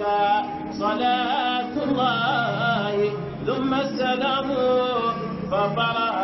عليك صلاة الله ثم السلام فطرها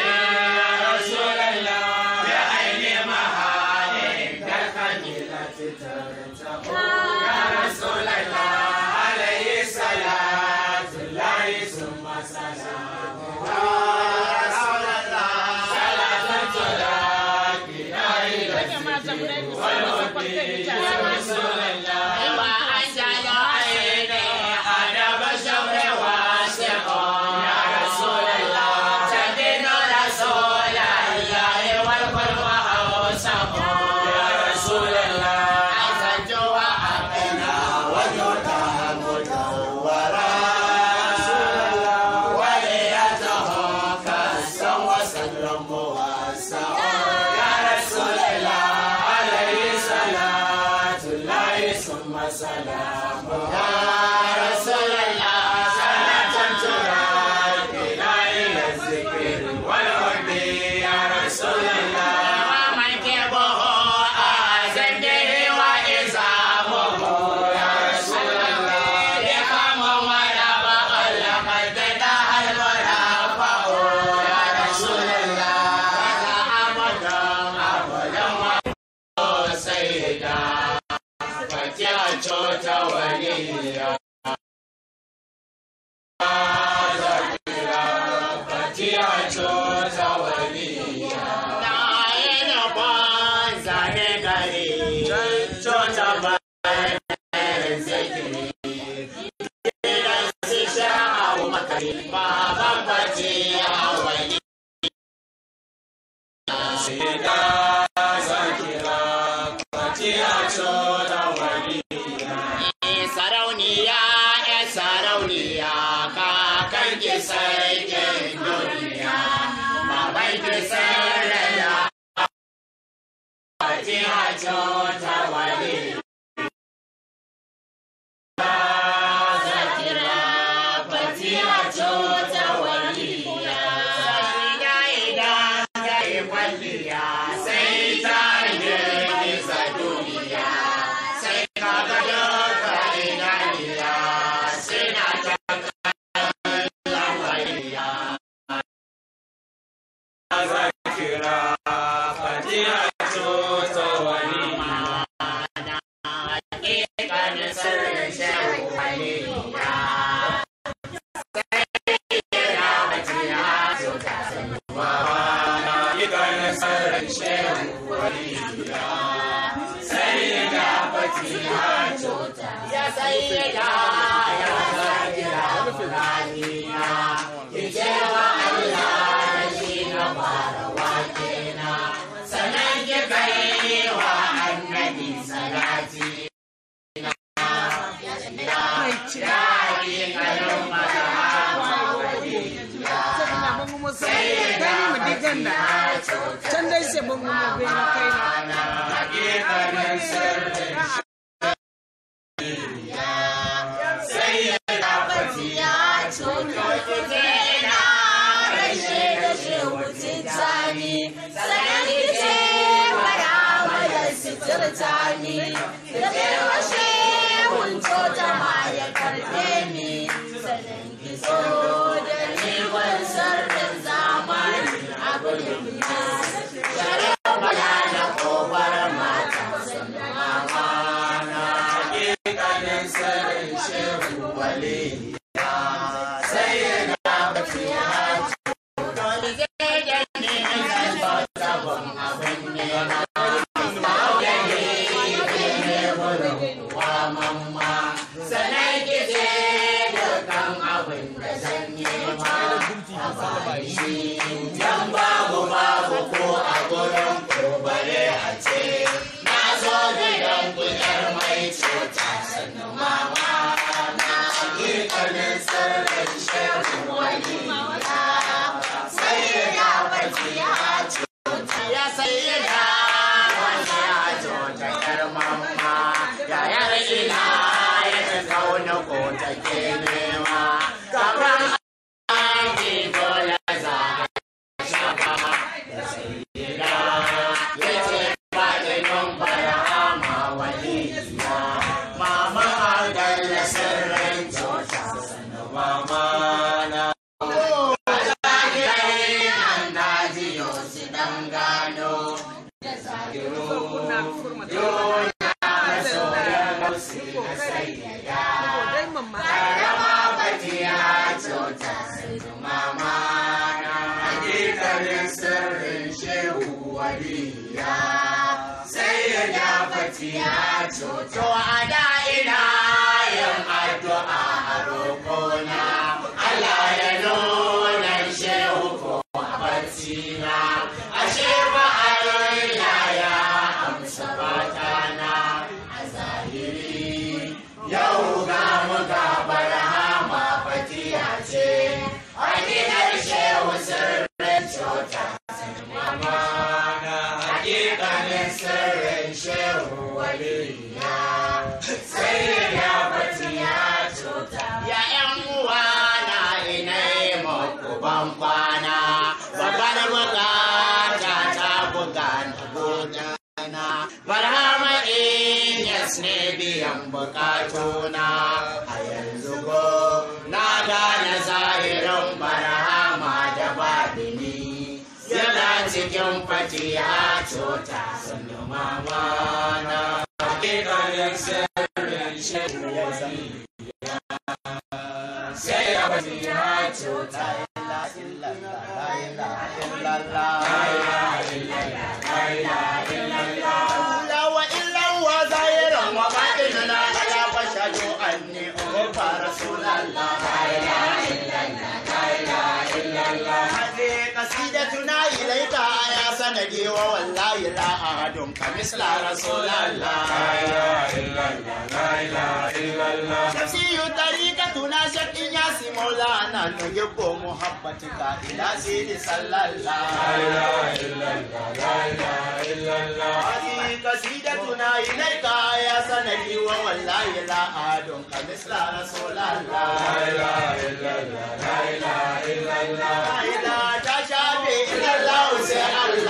وزوليا sai ya gani mu digan da can dai sai mun mu bai na kai na Yes, mamma karama bajiya cuta sai mama na hakikalin sirrin shehu waliya sai ya dafati ya cuta a da bukatuna a yanzu go na gane zahirin barahama da badini yana cikin fati ya cota sun mama na hakikanin sirrin shi الذي هو والله لا أحد كمثل رسول الله لا إله إلا الله لا إله إلا الله شمسي طريقتنا شك إياس مولانا نحب محبتك إلى سيد صلى الله لا إله إلا الله لا إله إلا الله هذه قصيدتنا إليك يا سندي ووالله لا أحد كمثل رسول الله لا إله إلا الله لا إله إلا الله لا إله إلا الله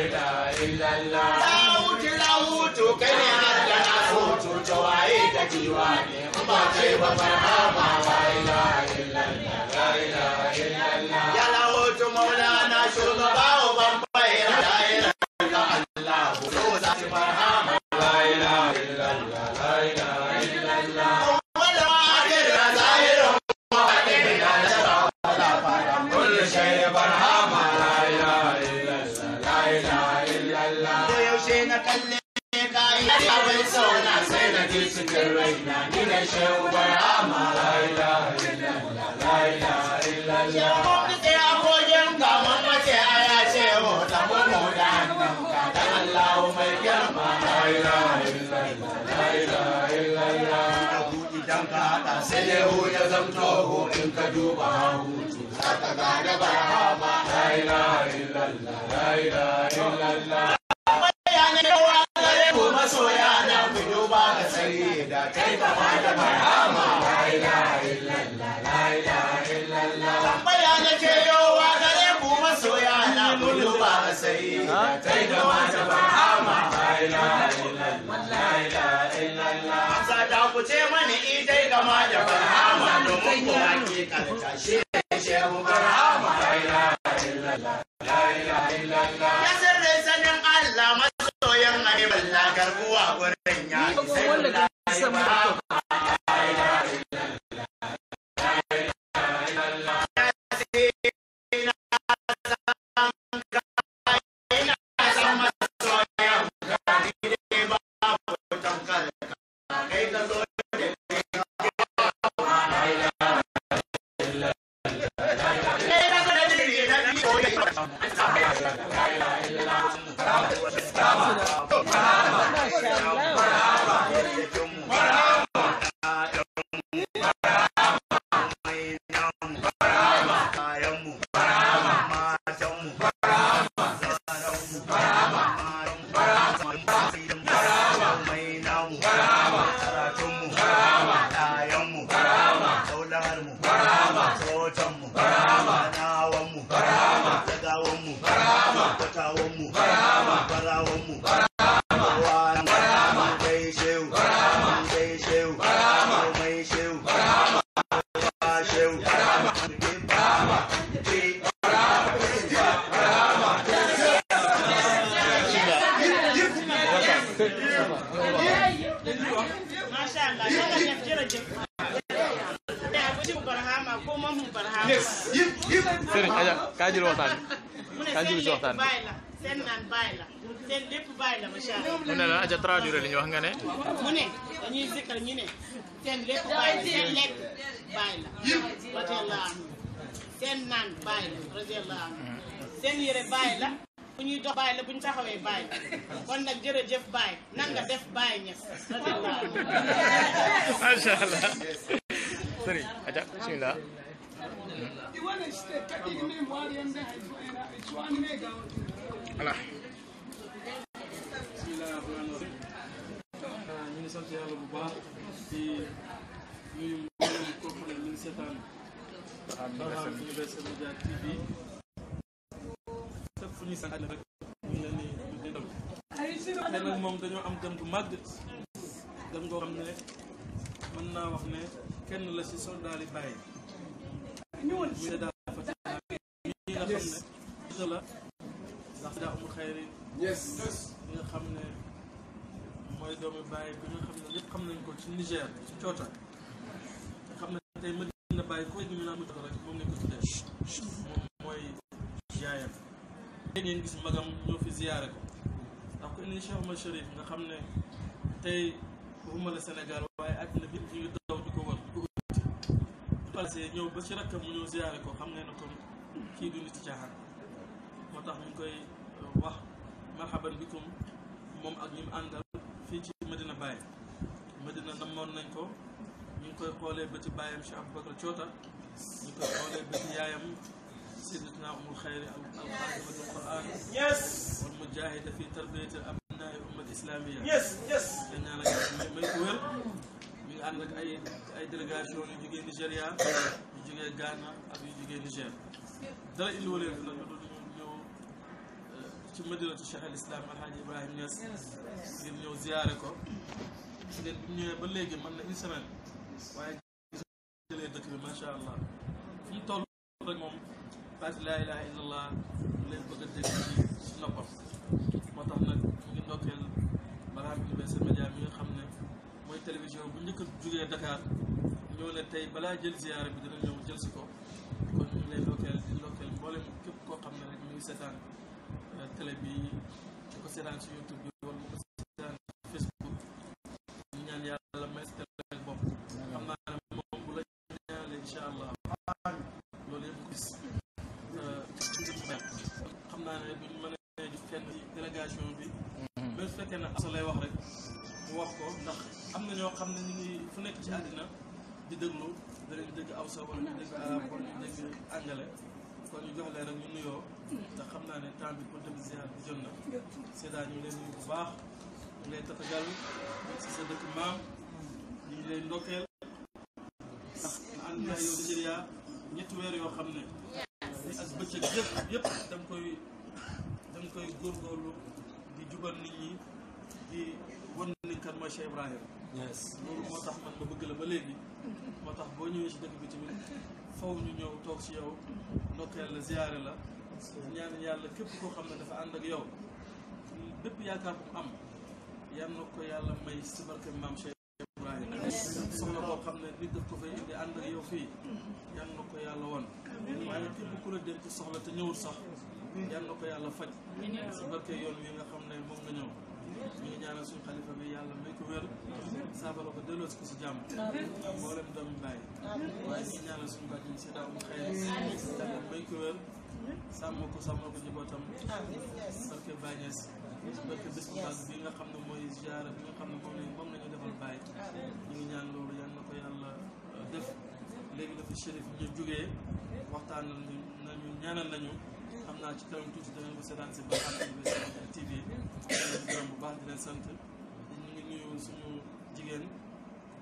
ilaha illallah dawudu dawudu kai ne Allah na so to waye da jiwa ne ba kai ba farha ba la ilaha illallah la ilaha illallah ya lawo to maulana shugaba uban bayra idan ka haɗa sai dai hu ya zamto hu in ka duba hutu za ka gane ba ma la ilaha illallah la ilaha illallah masoya na ku duba ka sani da kai kama da barhama rubuce mani idai gama da barhama domin kuwa ke karta shi shehu barhama sëriñ Adja kaa jël waxtaan bi kaa jël seen naan bàyyi la seen lépp bàyyi la mu ne la Adja traduire li ñu wax nga ne. mu ne dañuy zikkal ñu ne seen lépp bàyyi la seen lekk bàyyi la bu ñuy dox bàyyi la bu ñu taxawee bàyyi kon nag jërëjëf bàyyi nan nga def bàyyi ñëpp radiyallahu anhu. macha allah. sëriñ Adja bismillah. voilà. ngi sant yàlla bu baax di nuyu moom dañoo am gan bu màgg gan goo xam ne mën naa wax ne kenn la ci soldaari bàyyi. ñëwoon muy daal Fatiha ñi nga xam ne gis la ndax nga xam ne mooy doomu bàyyi bi nga xam ne ñëpp xam nañ ko ci Niger ci coota te xam ne tey mën na bàyyi ko ñu naan ko rek moom lañ ko tuddee moom mooy yaayam tey ngeen gis magam ñoo fi ziyaare ko ndax ko indi Cheikh Omar Chérif nga xam ne tey waxuma la Sénégal passé ñëw ba ci rakkam mu ñëw ziyaare ko xam ne na kon kii du nit caaxaan moo tax ñu koy euh, wax marhaban bikum moom ak ñi mu àndal fii ci Medina Baye Medina namoon nañ ko ñu ngi koy xoolee ba ci baayam Cheikh Aboubacar Coota ñu ngi koy xoolee ba ci yaayam Sayyidatuna Ummul Xayri al-Xaadimatul Qur'aan wal mujaahida fi tarbiyati abnaa'i ummatil ànd ak ay ay délégation yu jugee Nigéria yu jugee Ghana ak yu jugee Niger dara indiwaleen fi nag lu dul ñëw eh, ci madinatu Cheikh al Islam Alhaji Ibrahim Niass ngir ñëw ziyaare ko su ngeen bi ñëwee ba léegi mën na une semaine waaye jëlee dëkk bi macha allah fu mu toll rek moom baati laa ilaha illa allah leen bëgg a dégg ci noppam moo tax nag ñu ngi ndokkeel baraam université média mooy télévision bu njëkk a jógee Dakar ñëw ne tey balaa jël ziyaara bi dina ñëw jël si ko kon ñu ngi lay ndokkeel di ndokkeel képp koo xam ne rek ñu ngi seetaan euh, bi di ko seetaan si YouTube bi loolu nga leen di dégg awsa wala di dégg arab angale kon ñu jox leen rek nuyoo ndax xam naa ne temps bi pour dem ziar bi jot na seedaa ñu leen nuyu bu baax ñu lay tatagal si sa dëkk maam ñu lay ndokkeel ndax ànd naa yow Nigéria ñetti weer yoo xam ne ni ak bëccëg yëpp yëpp da nga koy da nga di jubal nit ñi di wan ni kan mooy loolu moo tax man ma bëgg la ba léegi moo tax boo ñëwee ci dëkk bi tamit faw ñu ñëw toog si yow ndokkeel la ziyaare la ñaan yàlla képp koo xam ne dafa ànd ak yow bépp yaakaar bu am yan na ko yàlla may si barke maam Cheikh Ibrahima soxna ko fay indi yow fii ko yàlla woon waaye képp ku la soxla te ñëwul sax yan na ko yàlla faj si barke yoon wi nga xam ne moom nga ñëw ñu ngi ñaanal suñu xalifa bi yàlla may ko wér saafara ko delloo si ko si jàmm mboolem doomi bàyyi waaye ñu ñaanal suñu bàjj si daaw mu xëy yàlla may ko wér sàmm ko sàmmal ko njabootam barke Baye Niass barke bés bi nga xam ne mooy ziara xam ne moom lañ moom la ñu defal Baye ñu ngi ñaan loolu yal na ko yàlla euh, def léegi dafa chérif ñu jógee waxtaan nañu ñaanal nañu xam naa ci kanam tuuti danañ ko seetaan si Barham TV bu baax di sant di ngi nuyu suñu jigéen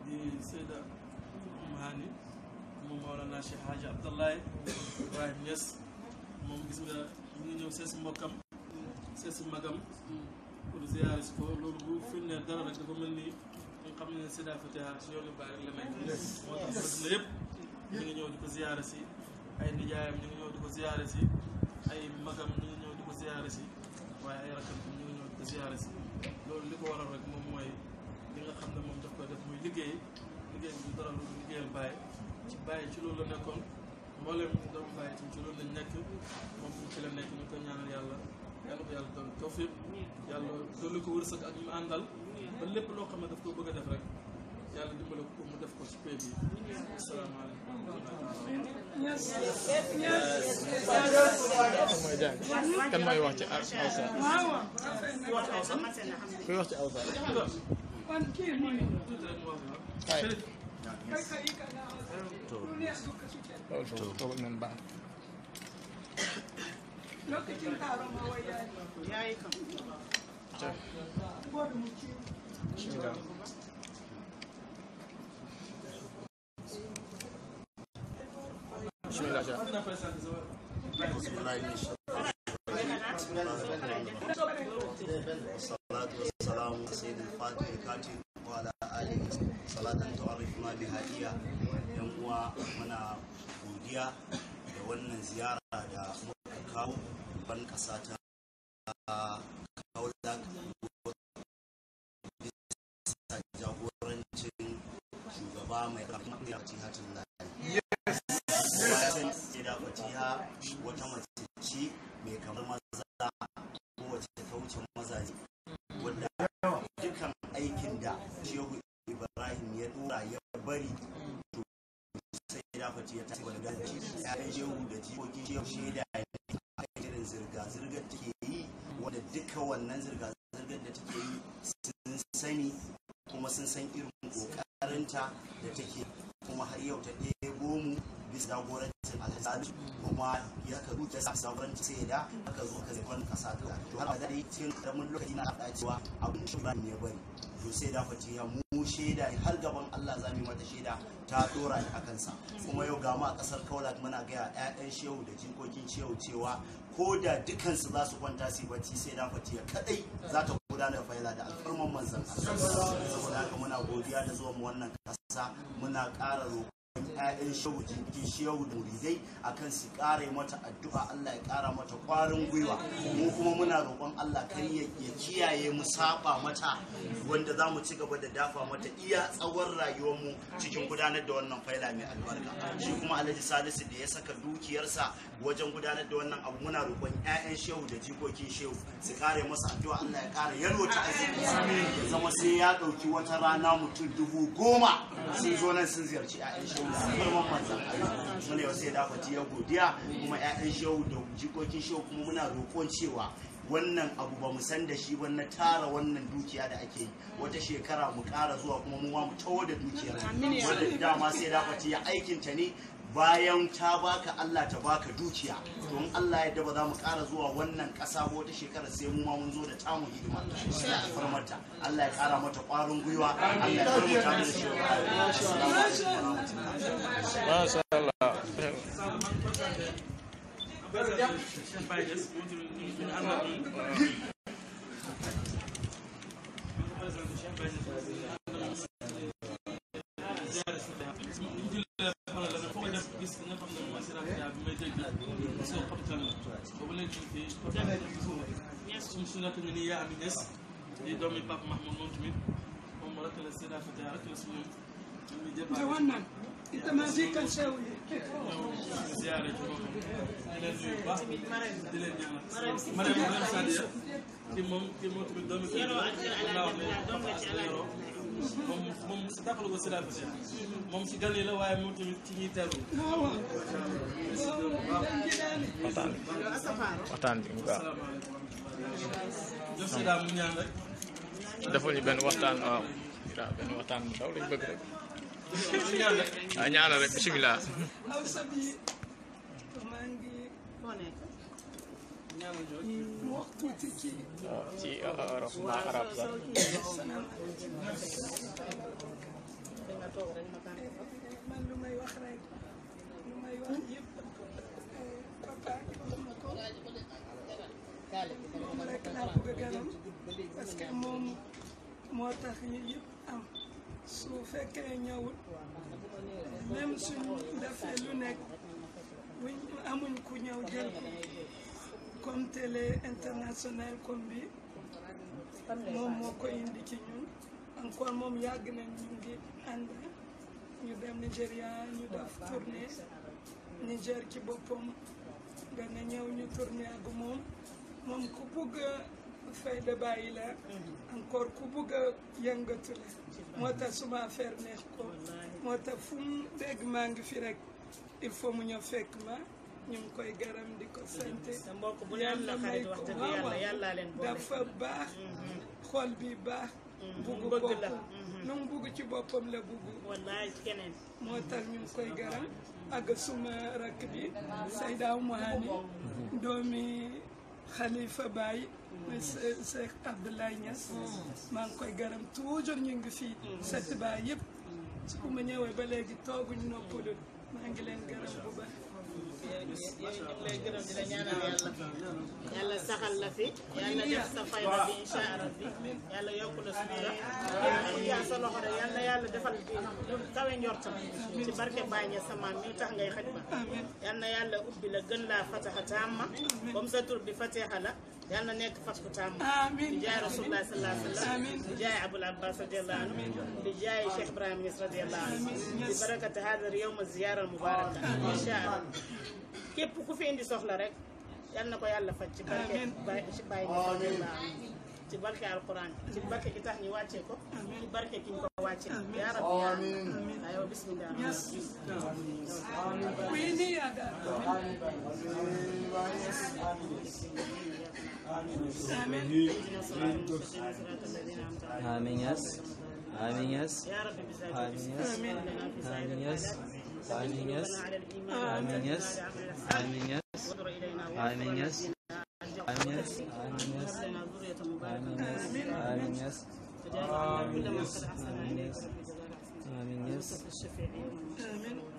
di Seyda Maani moom Mawlana Cheikh Hadji Abdoulaye Ibrahim Niass moom gis nga ñu ngi ñëw sees mbokkam sees magam pour ziyaare si ko loolu bu firndeel dara rek dafa mel ni ñu xam ne Seyda Fatiha si yoonu moo tax adduna yëpp ñu ngi ñëw di ko ziyaare si ay nijaayam ñu ngi ñëw di ko ziyaare si ay magam ñu ngi ñëw di ko ziyaare si waaye ay rakkam ziare si loolu li ko waral rek moom mooy li nga xam ne moom daf koy def muy liggéey liggéey bi dara lu liggéeyal bàyyi ci bàyyi ci loolu la nekkoon mbooleem doomu bàyyi ci loolu lañ nekk moom ci la nekk ñu ko ñaanal yàlla yàlla ko yàlla doon tawfiq ko loolu ko ak ñu àndal ba lépp loo xam ne daf koo bëgg a def rek kan mooy wax ci awsa kuy wax ci awsa toog nan baax lokacin bismillah والصلاة والسلام على سيد الفاتح الكاتب وعلى آله صلاة تعرفنا بهدية يموى منا godiya da wannan ziyara da muka kawo ban kasa ta kaula bisa jagorancin shugaba mai kamar da ya ci wata mace ce mai kamar maza ko wace ta wuce mazaje wanda dukkan aikin da shehu ibrahim ya dora ya bari to sai ya dafa ya tashi wanda ci ya shehu da jikokin shaida ne a irin zirga-zirgar take yi wanda duka wannan zirga-zirgar da take yi sun sani kuma sun san irin kokarinta da take kuma har yau ta ɗebo mu bisa jagoranci alhassanu kuma ya karu ta samu sauran sai da aka zo ka zagon kasa to har da dai cikin karamin lokaci na faɗa cewa abin shi mu shaida har gaban Allah za mata shaida ta dora ni akan kuma yau ga a kasar Kaula muna ga ƴaƴan shehu da jikokin shehu cewa ko da za su kwanta su bacci sai kadai za ta gudanar faila da alfarman manzan Allah saboda haka muna godiya da zuwa mu wannan kasa muna ƙara roƙo 'ya'yan shehu jinki shehu muridai akan su mata addu'a Allah ya ƙara mata ƙwarin gwiwa mu kuma muna roƙon Allah kar ya kiyaye mu saba mata wanda za mu ci gaba da dafa mata iya tsawon rayuwar mu cikin gudanar da wannan faila mai albarka shi kuma Alhaji Salisu da ya saka dukiyarsa wajen gudanar da wannan abu muna roƙon 'ya'yan shehu da jikokin shehu su masa addu'a Allah ya ƙara yalwata arziki ya zama sai ya ɗauki wata rana mutum dubu girman sai da fatiya godiya kuma ƴaƴan shehu da jikokin shehu kuma muna roƙon cewa wannan abu ba mu san da shi ba na tara wannan dukiya da ake yi wata shekara mu ƙara zuwa kuma mu ma mu tawo da dukiyar wanda dama sai da fatiya aikin ta bayan ta baka Allah ta baka dukiya don Allah ya ba mu ƙara zuwa wannan ƙasa wata shekara sai mu mun zo tamu hidima Allah ya farmata Allah ya ƙara mata ƙwarin gwiwa Allah ya farmata mu da shekara suñ sunata mi ni yaa mi des di doomi Pape Mahmoud moom tamit moom rek la Seyda Fatia rek la suñu suñu jëbaat itamasikan sewli ziyaare ci boppam di leen nuyu bu baax di leen ñaanal ci moom ci moom ci doomu kër la bi moom la waaye moom tamit ci ñuy teru waxtaan bi waxtaan bi waaw jox si daal mu ñaan rek benn waxtaan waaw benn waxtaan bu bëgg rek ci olof mbaa arab sax moom rek laa bëgg ganam parce que moom moo tax yi am su fekkee ñëwul même suñ defee lu nekk buñ amuñ ku ñëw jël comme télé international comme moom moo ko indi ci ñun encore moom yàgg nañ ñu ngi ànd ñu dem Nigéria ñu def tournée Niger ci boppam dana ñëw ñu tournée ak moom moom ku bugg fayda bàyyi la encore ku bugg a la moo tax suma affaire neex ko moo tax fu dégg maa ngi fi rek il faut mu ñëw fekk ma ñu ngi koy garam di ko sant mbokk bu leen la yàlla yàlla leen boole dafa baax mm-hmm. xol bi baax mm-hmm. bugg boppam mm-hmm. nu ci boppam la bugg wallaay moo tax ñu ngi koy garam ak suma rakk bi Sayda Mouhani doomi xalifa Baye mooy Cheikh Abdoulaye Niass maa ngi koy garam toujours ñu ngi fii set baay yëpp su ma ñëwee ba léegi tooguñ noppalu maa ngi leen garam bu baax yàlla saxal la fi yàlla def sa fayda bi incha allah bi yàlla yokk la sutura yàlla sa loxo rek yàlla yàlla defal bi lu barke bàññe sa maam tax ngay xaj ma yàlla ubbi la gën laa fataxa taamma comme sa bi fateexa la yàlla nekk fatku taamma di jaay rasulullah sallallahu alayhi wa sallam di jaay abul abbas radiallahu anhu di jaay cheikh ibrahim nis radiallahu anhu di barakati hadar yowma ziyara mubaraka incha allah képp ku fi indi soxla rek yal na ko yàlla faj ci barke ci bàyyi ci barke alquran ci barke ki tax ñu wàccee ko ci barke ki ñu ko wàccee yaa rabbi yaa rabbi aywa bismillah amin amin آمين يس آمين يس آمين يس آمين يس آمين يس آمين يس آمين يس آمين يس آمين يس آمين يس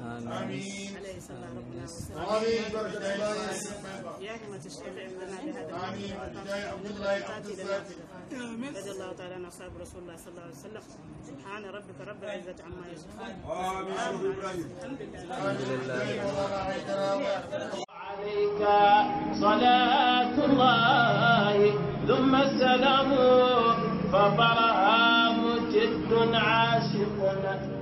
آمين عليه الصلاة آمين بركة الله يا همة الشيخ عمرنا بهذا آمين بداية عبد الله عبد الزاكي آمين رضي الله تعالى عن أصحاب رسول الله صلى الله عليه وسلم سبحان ربك رب العزة عما يصفون آمين الحمد لله الحمد لله عليك صلاة الله ثم السلام فطرها مجد عاشق